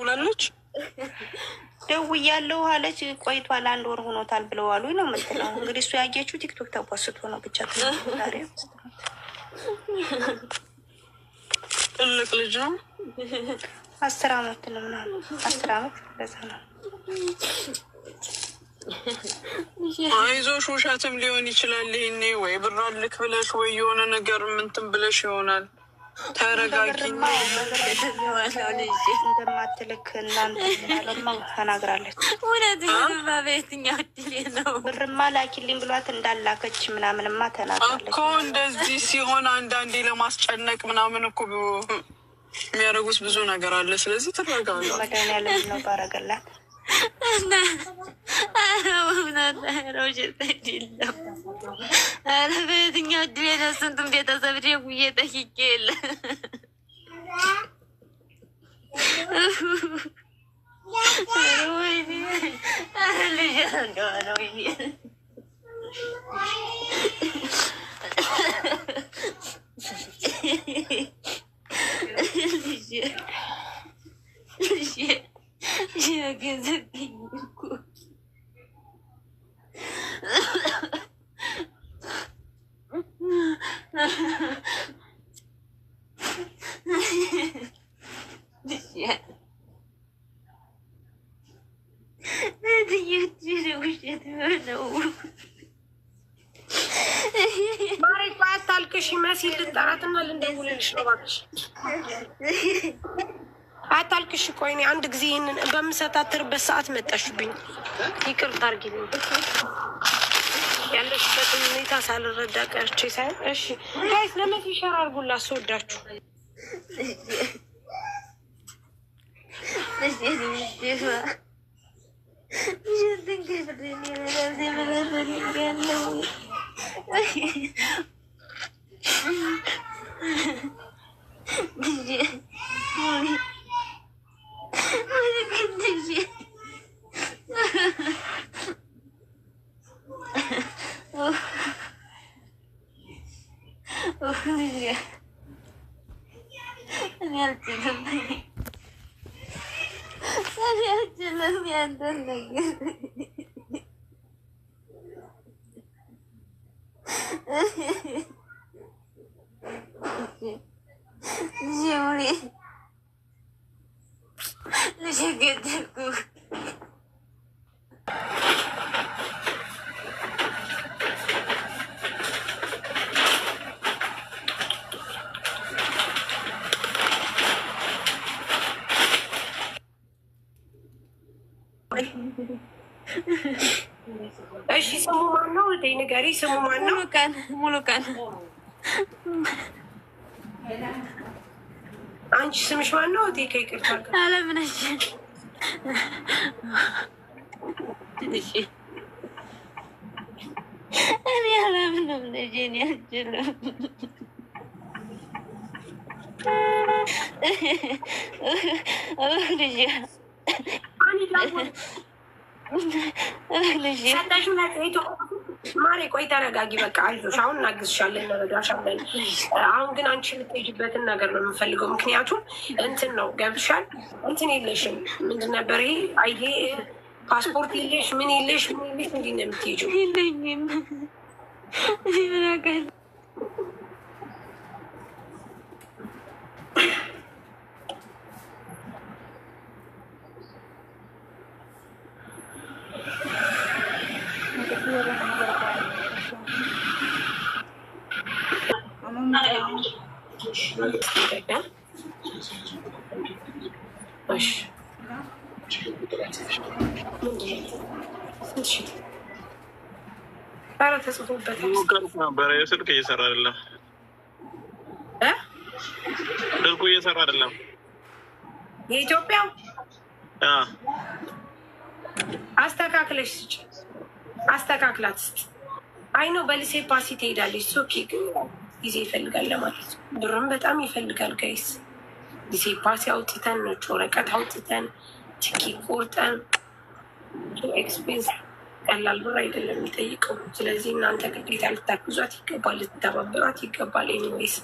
ውላለች ደውያለሁ አለች። ቆይቷል አንድ ወር ሆኖታል ብለዋሉ ነው የምትለው። እንግዲህ እሱ ያየችው ቲክቶክ ተጓስቶ ነው ብቻ ትልቅ ልጅ ነው። አስር አመት ነው ምናምን አስር አመት በዛ ነው። አይዞሽ ውሸትም ሊሆን ይችላል። ይሄኔ ወይ ብራልክ ብለሽ ወይ የሆነ ነገር ምንትን ብለሽ ይሆናል ተረጋጊ እንደማትልክ እናለማ ተናግራለች። ብርማ ላኪልኝ ብሏት እንዳላከች ምናምንማ ተናግራለች እኮ። እንደዚህ ሲሆን አንዳንዴ ለማስጨነቅ ምናምን እኮ የሚያደርጉት ብዙ ነገር አለ። ስለዚህ ተረጋጋ። መድኃኒዓለም ነው ባረገላት እና ኧረ እውነት የለም ኧረ በየትኛው እድል የተስንቱን ቤተሰብ ደውዬ ጠይቄ የለ ልጅ እንደሆነ ነው። ማሬ ቆይ አታልቅሽ። መሲ ልጠራትና ልንደውልልሽ ነው እባክሽ አታልቅሽ። ቆይ እኔ አንድ ጊዜ ይህንን በምሰታትርበት ሰዓት መጣሽብኝ። ይቅርታ አድርጊልኝ። ያለሽበትን ሁኔታ ሳልረዳ ቀርቼ ሳይሆን። እሺ ጋይስ ለመሲ ሸር አድርጉላት። አስወዳችሁ This is Did you? አንቺ ስምሽ ማን ነው? እቴ ከይቅርታ አለምነሽ እኔ አላምንም ልጄን ያችልም ልጄ ልጄ ማሬ ቆይ ተረጋጊ፣ በቃ አይዞሽ፣ አሁን እናግዝሻለን፣ እንረዳሻለን። አሁን ግን አንቺ የምትሄጂበትን ነገር ነው የምንፈልገው። ምክንያቱም እንትን ነው ገብሻል፣ እንትን የለሽም። ምንድን ነበር ይሄ? ፓስፖርት የለሽ፣ ምን የለሽ፣ ምን የለሽ። እንዴት ነው የምትሄጂው? የለኝም ምን አውቃለሁ ነበረ ስልክ እየሰራ አይደለም። ስልኩ እየሰራ አይደለም። የኢትዮጵያው አስተካክለሽ ስጭ፣ አስተካክላት ስጥ። አይ ነው በሊሴ ፓሲ ትሄዳለች ሶኪ ጊዜ ይፈልጋል ለማለት ብርም በጣም ይፈልጋል ጋይስ። ጊዜ ፓስ አውጥተን ነጭ ወረቀት አውጥተን ትኬት ቆርጠን ኤክስፔንስ ቀላል ብር አይደለም የሚጠይቀው። ስለዚህ እናንተ ግዴታ ልታግዟት ይገባል፣ ልትተባበሯት ይገባል። ኤኒዌይስ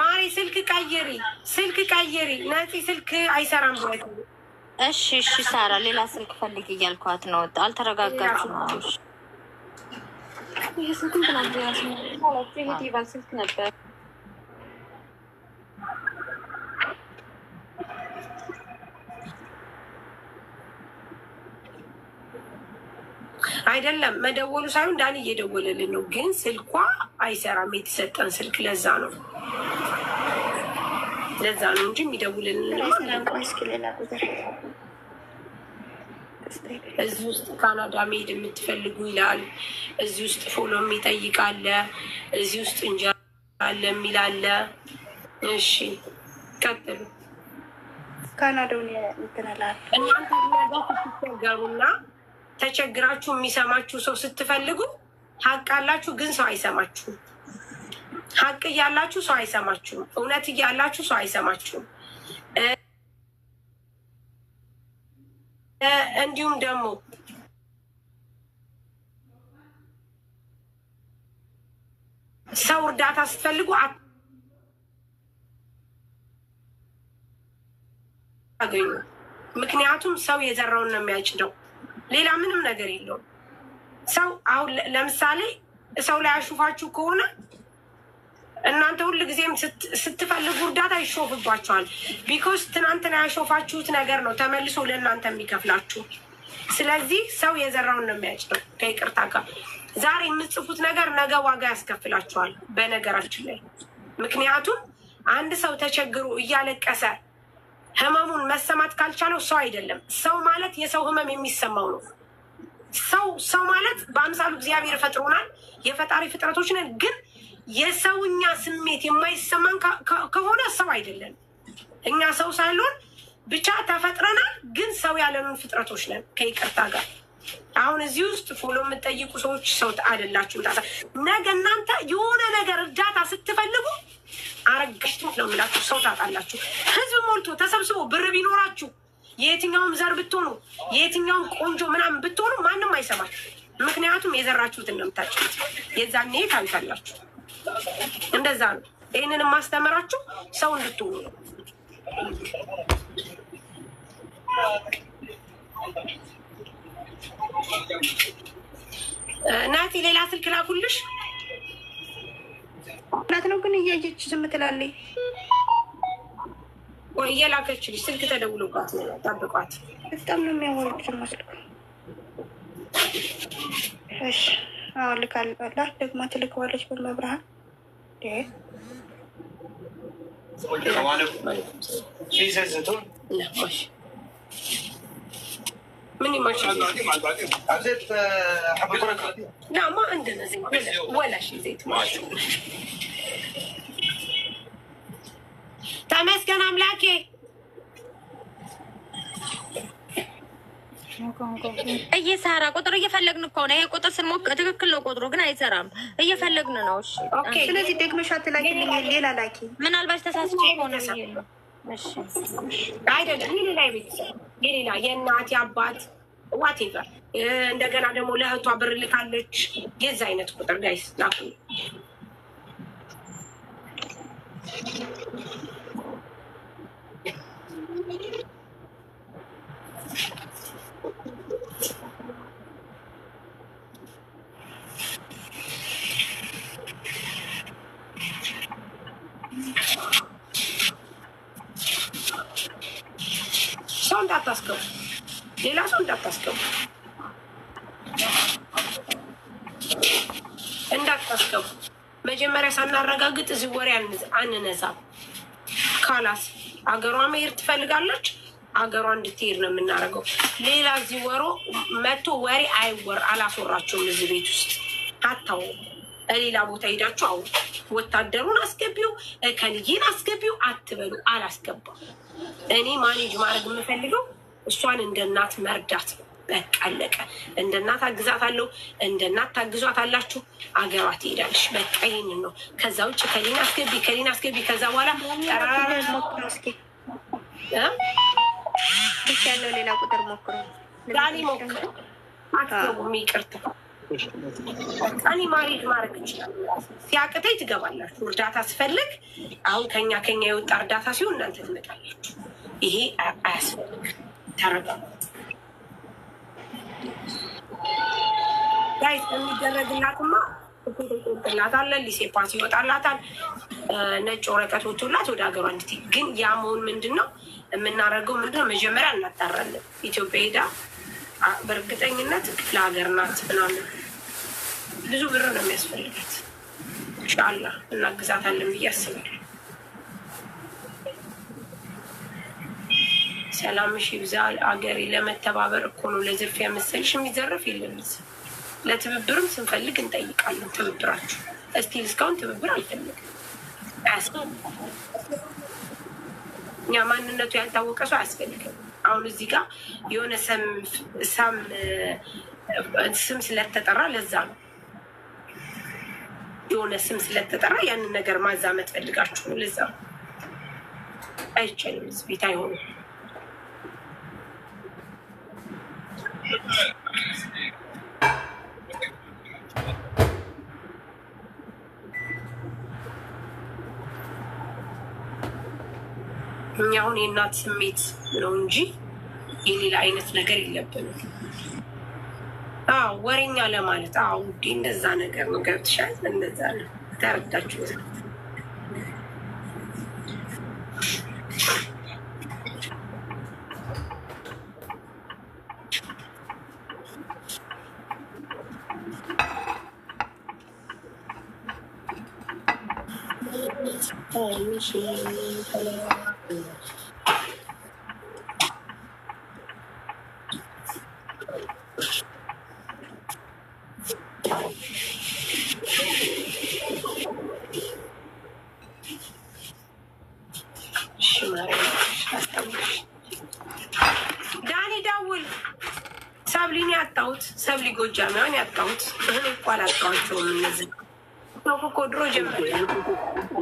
ማሪ ስልክ ቀይሪ፣ ስልክ ቀይሪ። ነፂ ስልክ አይሰራም ብሏት። እሺ እሺ፣ ሳራ ሌላ ስልክ ፈልግ እያልኳት ነው። አልተረጋጋችሁ ነው። የስንት ነበር ያስላቸው ይሄ ዲቫል ስልክ ነበር። አይደለም መደወሉ ሳይሆን ዳን እየደወለልን ነው፣ ግን ስልኳ አይሰራም። የተሰጠን ስልክ ለዛ ነው ለዛ ነው እንጂ የሚደውልልን እዚህ ውስጥ ካናዳ መሄድ የምትፈልጉ ይላል። እዚህ ውስጥ ፎሎ የሚጠይቅ እዚህ ውስጥ እንጀራ አለ የሚል አለ። እሺ ቀጥሉ። ካናዳውን እናንተ ስትቸገሩና ተቸግራችሁ የሚሰማችሁ ሰው ስትፈልጉ ሀቅ አላችሁ፣ ግን ሰው አይሰማችሁም። ሀቅ እያላችሁ ሰው አይሰማችሁም። እውነት እያላችሁ ሰው አይሰማችሁም። እንዲሁም ደግሞ ሰው እርዳታ ስትፈልጉ አገኙ። ምክንያቱም ሰው የዘራውን ነው የሚያጭደው። ሌላ ምንም ነገር የለውም። ሰው አሁን ለምሳሌ ሰው ላይ አሹፋችሁ ከሆነ እናንተ ሁል ጊዜም ስትፈልጉ እርዳታ ይሾፍባቸዋል። ቢኮስ ትናንትና ያሾፋችሁት ነገር ነው ተመልሶ ለእናንተ የሚከፍላችሁ። ስለዚህ ሰው የዘራውን ነው የሚያጭደው። ከይቅርታ ጋር ዛሬ የምትጽፉት ነገር ነገ ዋጋ ያስከፍላችኋል። በነገራችን ላይ ምክንያቱም አንድ ሰው ተቸግሮ እያለቀሰ ህመሙን መሰማት ካልቻለው ሰው አይደለም። ሰው ማለት የሰው ህመም የሚሰማው ነው። ሰው ሰው ማለት በአምሳሉ እግዚአብሔር ፈጥሮናል። የፈጣሪ ፍጥረቶች ነን ግን የሰውኛ ስሜት የማይሰማን ከሆነ ሰው አይደለም። እኛ ሰው ሳይሆን ብቻ ተፈጥረናል፣ ግን ሰው ያለንን ፍጥረቶች ነን። ከይቅርታ ጋር አሁን እዚህ ውስጥ ፎሎ የምጠይቁ ሰዎች ሰው አይደላችሁ። ነገ እናንተ የሆነ ነገር እርዳታ ስትፈልጉ አረጋሽት ነው የምላችሁ፣ ሰው ታጣላችሁ። ህዝብ ሞልቶ ተሰብስቦ ብር ቢኖራችሁ የየትኛውም ዘር ብትሆኑ የየትኛውም ቆንጆ ምናምን ብትሆኑ ማንም አይሰማል። ምክንያቱም የዘራችሁትን ነው የዛን የዛኔ ታዩታላችሁ። እንደዛ ነው። ይህንን የማስተምራችሁ ሰው እንድትሆኑ ነው። ናቲ ሌላ ስልክ ላኩልሽ። እናት ነው ግን እያየች ዝም ትላለች። ወይ እየላከችልሽ ስልክ ተደውሎባት ጠብቋት። በጣም ነው የሚያወሩት መስሉ። እሺ አዎ ልካላ ደግማ ትልከዋለች በመብርሃን مني ما زيت آه، لا ما عندنا زيت ولا, ولا شيء زيت ما تمسكن املاكي እየሰራ ቁጥር እየፈለግን ከሆነ ይሄ ቁጥር ስንሞክ ትክክል ነው። ቁጥሩ ግን አይሰራም። እየፈለግን ነው። እሺ፣ ስለዚህ ደግመሻ ትላኪ ሌላ ላኪ። ምናልባት ተሳስቼ ከሆነ አይደለም የሌላ ቤተሰብ ሌላ የእናት የአባት ዋቴቨር እንደገና ደግሞ ለእህቷ ብር ልካለች። የዛ አይነት ቁጥር ጋይስ ላኩ። ሰው እንዳታስገቡ፣ ሌላ ሰው እንዳታስገቡ እንዳታስገቡ። መጀመሪያ ሳናረጋግጥ እዚህ ወሬ አንነሳ ካላስ አገሯ መሄድ ትፈልጋለች፣ አገሯ እንድትሄድ ነው የምናደርገው። ሌላ እዚህ ወሮ መቶ ወሬ አይወር አላስወራቸውም። እዚህ ቤት ውስጥ አታው ሌላ ቦታ ሄዳችሁ አውሩ። ወታደሩን አስገቢው ከልይን አስገቢው አትበሉ። አላስገባም። እኔ ማኔጅ ማድረግ የምፈልገው እሷን እንደ እናት መርዳት ነው። በቃ አለቀ። እንደ እናት አግዛት አለው። እንደ እናት ታግዟት አላችሁ፣ አገሯ ትሄዳለች። በቃ ይህንን ነው። ከዛ ውጭ ከሊን አስገቢ፣ ከሊን አስገቢ። ከዛ በኋላ ያለው ሌላ ቁጥር ሞክሮ ዛሬ ሞክሮ አትገቡም። ይቅርታ እኔ ማሬድ ማድረግ ይችላል። ሲያቅተኝ ትገባላችሁ። እርዳታ ስፈልግ አሁን ከኛ ከኛ የወጣ እርዳታ ሲሆን እናንተ ትመጣላችሁ። ይሄ አያስፈልግ። ተረጋ ጋይስ። የሚደረግላትማ ትቆጥላታለህ። ሊሴ ፓስ ይወጣላታል። ነጭ ወረቀት ወቶላት ወደ ሀገሯ እንድትሄድ ግን ያ መሆን ምንድን ነው የምናደርገው? ምንድን ነው መጀመሪያ እናጣራለን። ኢትዮጵያ ሄዳ በእርግጠኝነት ለሀገር ናት ምናምን ብዙ ብር ነው የሚያስፈልጋት። እንሻላ እናግዛታለን ብዬ አስባለሁ። ሰላምሽ ይብዛ። አገሬ ለመተባበር እኮ ነው ለዝርፊያ መሰልሽ የሚዘረፍ የለም። ለትብብርም ስንፈልግ እንጠይቃለን። ትብብራችሁ እስቲል እስካሁን ትብብር አልፈልግም። እኛ ማንነቱ ያልታወቀ ሰው አያስፈልግም። አሁን እዚህ ጋር የሆነ ሰም ስም ስለተጠራ ለዛ ነው የሆነ ስም ስለተጠራ ያንን ነገር ማዛመት ፈልጋችሁ ነው። ለዛ አይቻልም፣ እዚህ ቤት አይሆንም። እኛ አሁን የእናት ስሜት ነው እንጂ የሌላ አይነት ነገር የለብንም። አዎ ወሬኛ ለማለት አዎ፣ ውዴ እንደዛ ነገር ነው። ገብትሻል? እንደዛ ነው። ተረዳችሁት?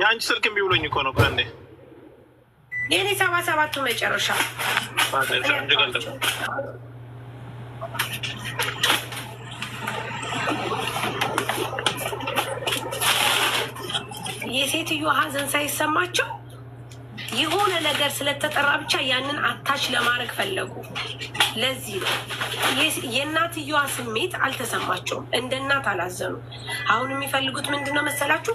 የአንቺ ስልክ እምቢ ብሎኝ እኮ ነው። ከንዴ የኔ ሰባ ሰባቱ መጨረሻ የሴትዮ ሀዘን ሳይሰማቸው የሆነ ነገር ስለተጠራ ብቻ ያንን አታች ለማድረግ ፈለጉ። ለዚህ ነው የእናትየዋ ስሜት አልተሰማቸውም። እንደ እናት አላዘኑ። አሁን የሚፈልጉት ምንድን ነው መሰላችሁ?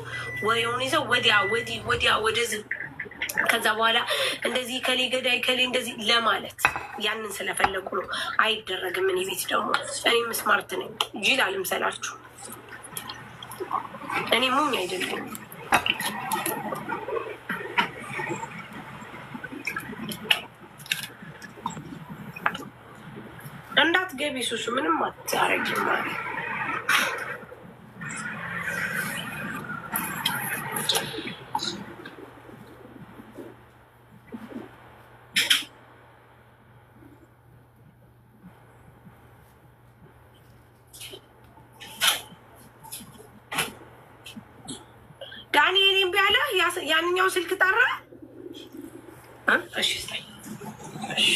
ወይሆን ይዘው ወዲያ ወዲህ ወዲያ ወደዚህ ከዛ በኋላ እንደዚህ ከሌ ገዳይ ከሌ እንደዚህ ለማለት ያንን ስለፈለጉ ነው። አይደረግም። እኔ ቤት ደግሞ እኔም ስማርት ነኝ። ጅል አልምሰላችሁ። እኔ ሙኝ አይደለም። እንዳት ገቢ ሱሱ ምንም አታረጊም አለ። ዳንኤል ቢያለ ያንኛው ስልክ ጠራ። እሺ እሺ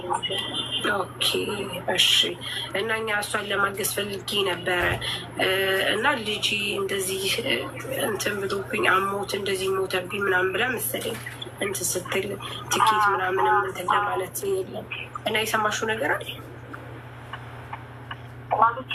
ኦኬ እሺ። እና እኛ እሷን ለማገዝ ፈልጌ ነበረ እና ልጅ እንደዚህ እንትን ብሎብኝ አሞት እንደዚህ ሞተብኝ ምናምን ብላ መሰለኝ እንትን ስትል ትኬት ምናምንም እንትን ለማለት የለም እና የሰማሽው ነገር አለ ማለት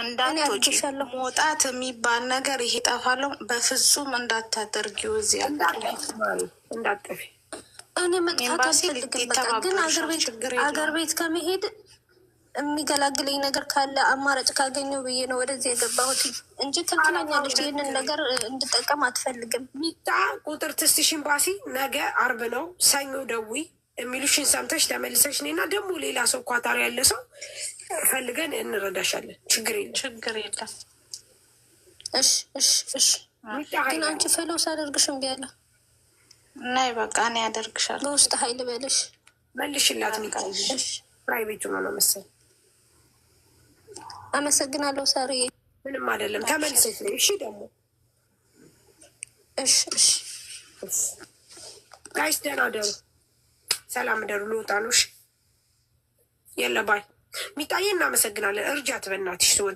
እንዳትወጪ መውጣት የሚባል ነገር ይሄ ጠፋለው። በፍጹም እንዳታደርጊው እዚህ እንዳጠፊ እኔ መጥፋት አልፈልግም። አገር ቤት ከመሄድ የሚገላግለኝ ነገር ካለ አማራጭ ካገኘሁ ብዬ ነው ወደዚህ የገባሁት እንጂ ትንትናኛለች። ይህንን ነገር እንድጠቀም አትፈልግም። ሚጣ ቁጥር ትስትሽ ኤምባሲ ነገ አርብ ነው፣ ሰኞ ደዊ የሚሉሽን ሰምተሽ ተመልሰሽ እኔና ደግሞ ሌላ ሰው ኳታር ያለ ሰው ፈልገን እንረዳሻለን። ችግር የለም፣ ችግር የለም። እሺ፣ እሺ፣ እሺ። ግን አንቺ ፈለውስ አደርግሽ እምቢ አለ እና በቃ እኔ ያደርግሻል። በውስጥ ሀይል በልሽ መልሽላት። ፕራይቬቱ ነው መሰለኝ። አመሰግናለሁ ሰሪ። ምንም አይደለም። ተመልሰሽ ነው እሺ። ደግሞ እሺ፣ እሺ። ጋይስ ደህና ደሩ፣ ሰላም ደሩ። ልውጣ ነው። እሺ፣ የለ ባይ ሚጣዬ እናመሰግናለን። እርጃት በእናትሽ ትወ